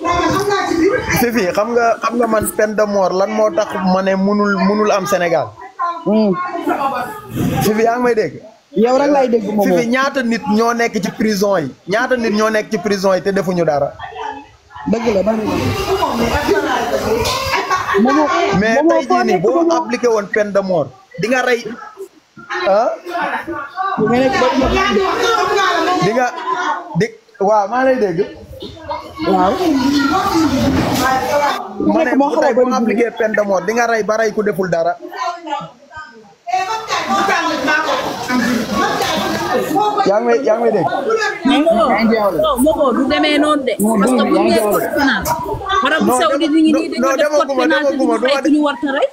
fifi xam nga xam nga man peine de mort lan moo tax ma ne munul munul am Sénégal. fifi yaa ngi may dégg. yow rek lay dégg moom fifi ñaata nit ñoo nekk ci prison yi ñaata nit ñoo nekk ci prison yi te defuñu dara. dëgg la mais tey jii boo appliqué woon peine de mort di nga rey. ah. di nga di maa lay dégg. waaw. mu ne bu tey bu ñu appliqué di nga rey ba rey ku deful dara. yaa ngi may yaa ngi may dégg. du demee de. parce que bu ñu nee code pénal. Arabie Saoudite ñu ngi nii dañoo def code pénal te duñu rey ku ñu war a rey.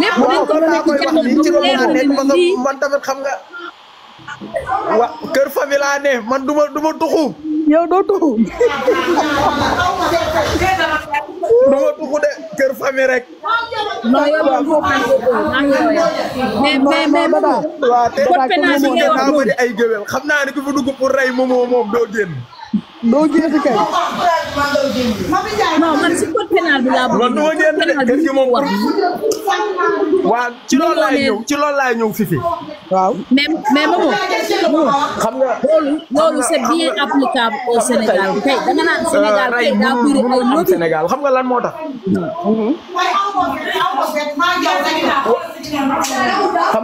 lépp dañ ko mën a man tamit xam nga. wa kër famille laa ne man duma duma tuxu. yow doo tuxu duma tuxu de kër famille rek non yow moom mais mais mais ay géwél xam naa ne ku fi dugg pour rey moom doo génn doo génn kay non man si code pénal bi laa bëgg man du ma de kër gi moom waaw ci loolu laay ñëw ci loolu laay ñëw fifi waaw mais mais xam nga loolu loolu c'est bien applicable au Sénégal tey da nga naan euh, Sénégal tey ay lobby Sénégal xam nga lan moo tax xam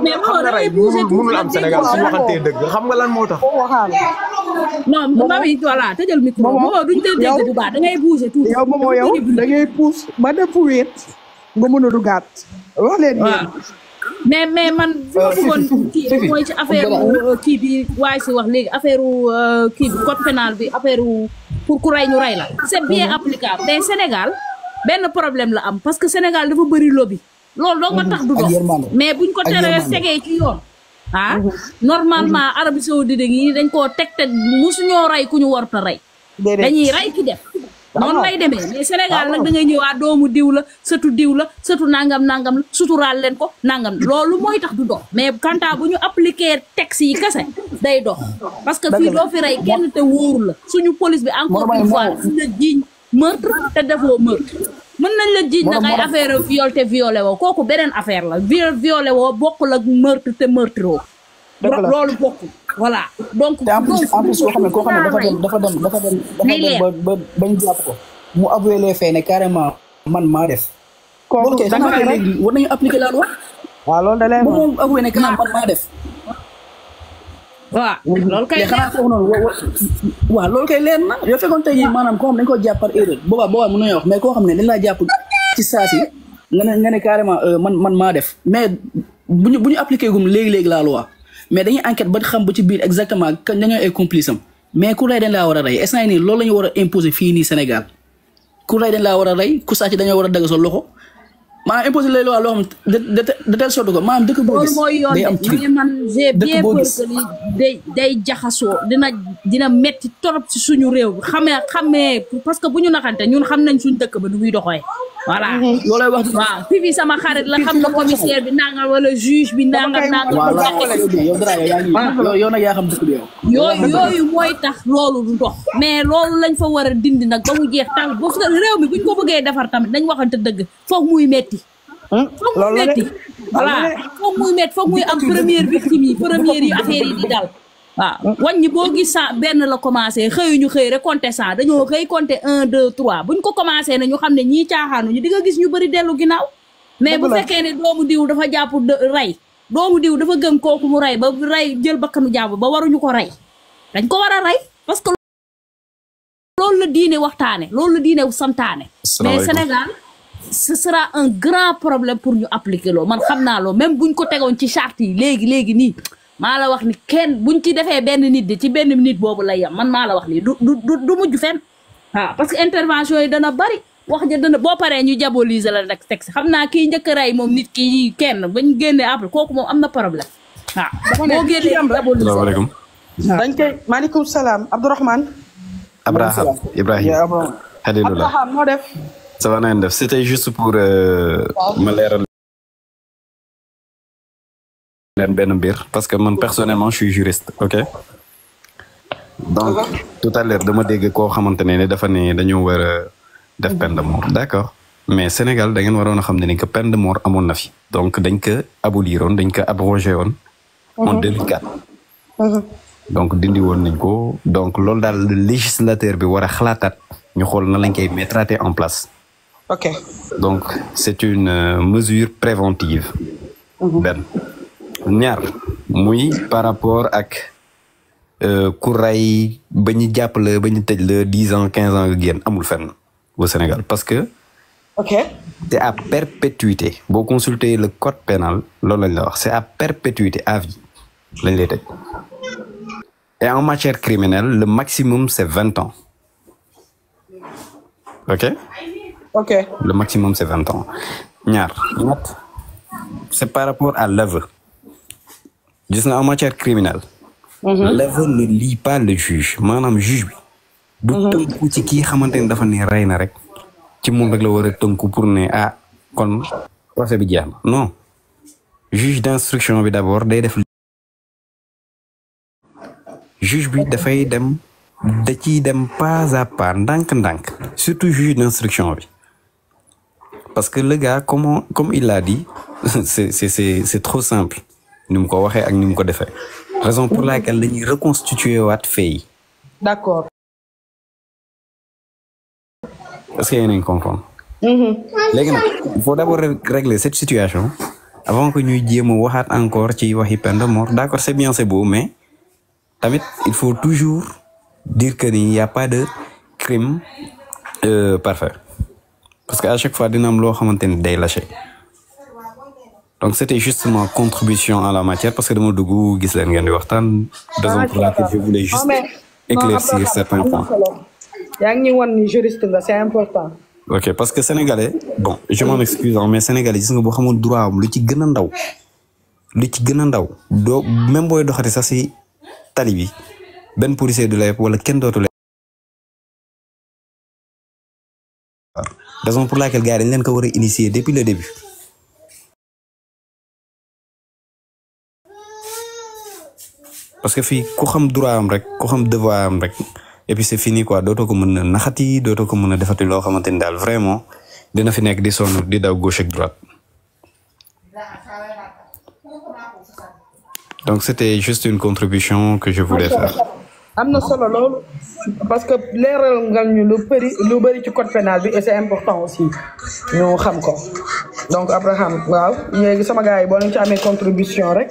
nga xam nga rey mënul am Sénégal suñu waxantee dëgg xam nga lan moo tax non mami voilà tëjal micro Momo duñ teel ba def wéet nga wax leen waaw mais mais man. Ah, bëggoon kii mooy ci affaire euh, kii bi waay si wax léegi affaire euh, kii bi code pénal bi affaire pour ku rey ñu rey la. c'est mm-hmm. bien applicable mais Sénégal benn problème la am parce que Sénégal dafa bëri lobby. loolu doo nga mm-hmm. tax du dox mais buñ ko teree tegee ci yoon. ah mm-hmm. normalement Arabie Saoudite yi dañ koo teg te musuñoo rey ku ñu warut rey. dañuy rey ki def. noonu lay demee mais Sénégal nag da ngay ñëwaat ah, doomu diw la sëtu diw la sëtu nangam nangam la suturaal leen ko nangam loolu mooy tax du dox mais kanta bu ñu appliquer texte yi kese day dox parce que fii doo fi rey kenn te wóoru la suñu police bi encore une fois la jiiñ meurtre te defoo meurtre mën nañ la jiiñ nag ay affaire viol te violé woo kooku beneen affaire la viol violé woo bokkul ak meurtre te meurtre woo loolu bokkul voilà donc. te en plus en xam ne koo xam ne dafa dem dafa dem dafa ba ba ba jàpp ko. mu avoué les faits ne carrément man maa def. kooku kay war nañu appliquer la loi. waaw da lay ba moom avoué ne carrément man maa waaw loolu kay leer na waaw loolu kay yoo fekkoon tey maanaam koo xam dañu ko jàpp par wax mais koo xam ne dañ laa jàpp ci saa si nga ne nga ne carrément euh, man man maa def mais bu ñu bu ñu appliqué gum léegi léegi la loi mais dañuy enquête ba xam ba ci biir exactement ka dañoo ay complice am mais ku rey dañ war a rey est ce nii loolu la ñu war a imposer fii nii Sénégal ku rey dañ laa war a rey ku sàcc dañoo war a dagg sa loxo maanaam imposer lay loi a xam de de de telle dëkk boo gis day am ci man j'ai bien peur que li day day jaxasoo dina dina metti torop si suñu réew xamee xamee parce que bu ñu naxante ñun xam nañ suñu dëkk ba du muy doxee voilà mhm. loolay wax. waaw fii sama xarit la xam na commissaire bi nangal wala juge bi nangal nangal. yow nag yaa xam dëkk bi yow. yooyu yooyu mooy tax loolu du dox. mais loolu lañ fa war a dindi nag ba mu jeex tax ba réew mi buñ ko bëggee defar tam dañ waxante dëgg foog muy metti hmm? foog muy metti voilà foog muy metti foog muy am première victime yi première yu affaire yi di dal. waa waaw ñi boo gis cent benn la commencé xëyuñu xëy rek compté cent dañoo xëy compté un deux trois buñ ko commencé ne ñu xam ne ñii caaxaanuñu di nga gis ñu bëri dellu ginnaaw mais bu fekkee ne doomu diw dafa jàpp rey doomu diw dafa gëm kooku mu rey ba rey jël bakkanu jàmm ba waruñu ko rey dañ ko war a rey parce que loolu la diine waxtaane loolu la diine santaane mais senegal ce sera un grand problème pour ñu appliquer loolu man xam naa loolu même buñ ko tegoon ci charte yi léegi léegi nii maa la wax ni kenn buñ ci defee benn nit di ci benn nit boobu lay yam man maa la wax nii du du du mujj fenn waaw parce que intervention yi dana bari wax ja dana boo paree ñu diaboliser la rek teg si xam naa kii njëkk a rey moom nit ki kenn bañ génnee après kooku moom am na problème waaw boo génnee diaboliser salaamaaleykum dañ koy maaleykum salaam Abdourahmane Abraham Ibrahim Xaliilullah la moo def ça va na ngeen def c'était juste pour euh, ma leeral leen benn mbir parce que man personnellement je suis juriste ok donc tout à l'heure dama dégg koo xamante ne dafa ne dañoo war def peine de mort d'accord mais Sénégal da ngeen waroon a xam ne ni que peine de mort amoon na fi donc dañ ko abolir woon dañ ko abrogé woon en 2004 mhm. mhm. donc dindi woon nañ ko donc loolu daal législateur bi war a ñu xool na lañ koy mettre en place ok donc c'est une euh, mesure préventive mhm. benn ñaar muy par rapport ak euh, ku rey ba ñu jàpp la ba ñu tëj la dix ans quinze ans nga génn amul fen au Sénégal parce que. ok c'est à perpétuité boo consulter le code pénal loolu lañ la wax c'est à perpétuité à lañ lay tëj et en matière criminelle le maximum c'est vingt ans ok. ok le maximum c'est vingt ans ñaar ñett c'est par rapport à l'aveu gis na en matière criminelle mm-hmm. l'aveu ne lie juge maanaam juge bi du mm-hmm. tënku ci xamante ne dafa ne rey na rek ci moom rek la war a tënku pour ne ah, kon procès bi jeex na non juge d'instruction bi d'abord day def bi dafay dem da ciy dem pas à pas ndànk-ndànk surtout juge d'instruction bi parce que le gars comme comme il l'a dit c'est c'est c'est trop simple ni mu ko waxee ak ni mu ko defee raison pour laquelle dañuy reconstituer waat fee yi. d'accord. est-ce que yéen a ngi comprendre. Mm-hmm. léegi nag il faut d'abord régler cette situation avant que ñuy jéem a waxaat encore ci waxi peine de mort d'accord c'est bien c'est beau mais tamit il faut toujours dire que ni y a pas de crime euh, parfait parce que à chaque fois dina am loo xamante ni day lâché. donc c' était juste ma contribution à la matière parce que dama dugg gis leen ngeen di waxtaan. raison pour laquelle je voulais juste ah, parce que sénégalais bon mais sénégalais gis nga boo xamul droit lu ci gën a ndaw lu ci gën a ndaw doo même booy doxati sax si tali bi benn policier wala kenn dootu la raison pour laquelle gars yi dañ leen ko war a initier depuis le début. parce que fii ku xam droit am rek ku xam devoir am rek et puis c'est fini quoi dootoo ko mën a naxati dooto ko mën a defati loo xamante ni daal vraiment dina fi nekk di sonn di daw gauche ak droite. donc c'était juste une contribution que je voulais faire. am na solo loolu parce que leeral nga ñu lu bëri ci code pénal bi et c'est important aussi ñu xam ko donc Abraham waaw léegi sama gars yi boo leen ci amee contribution rek.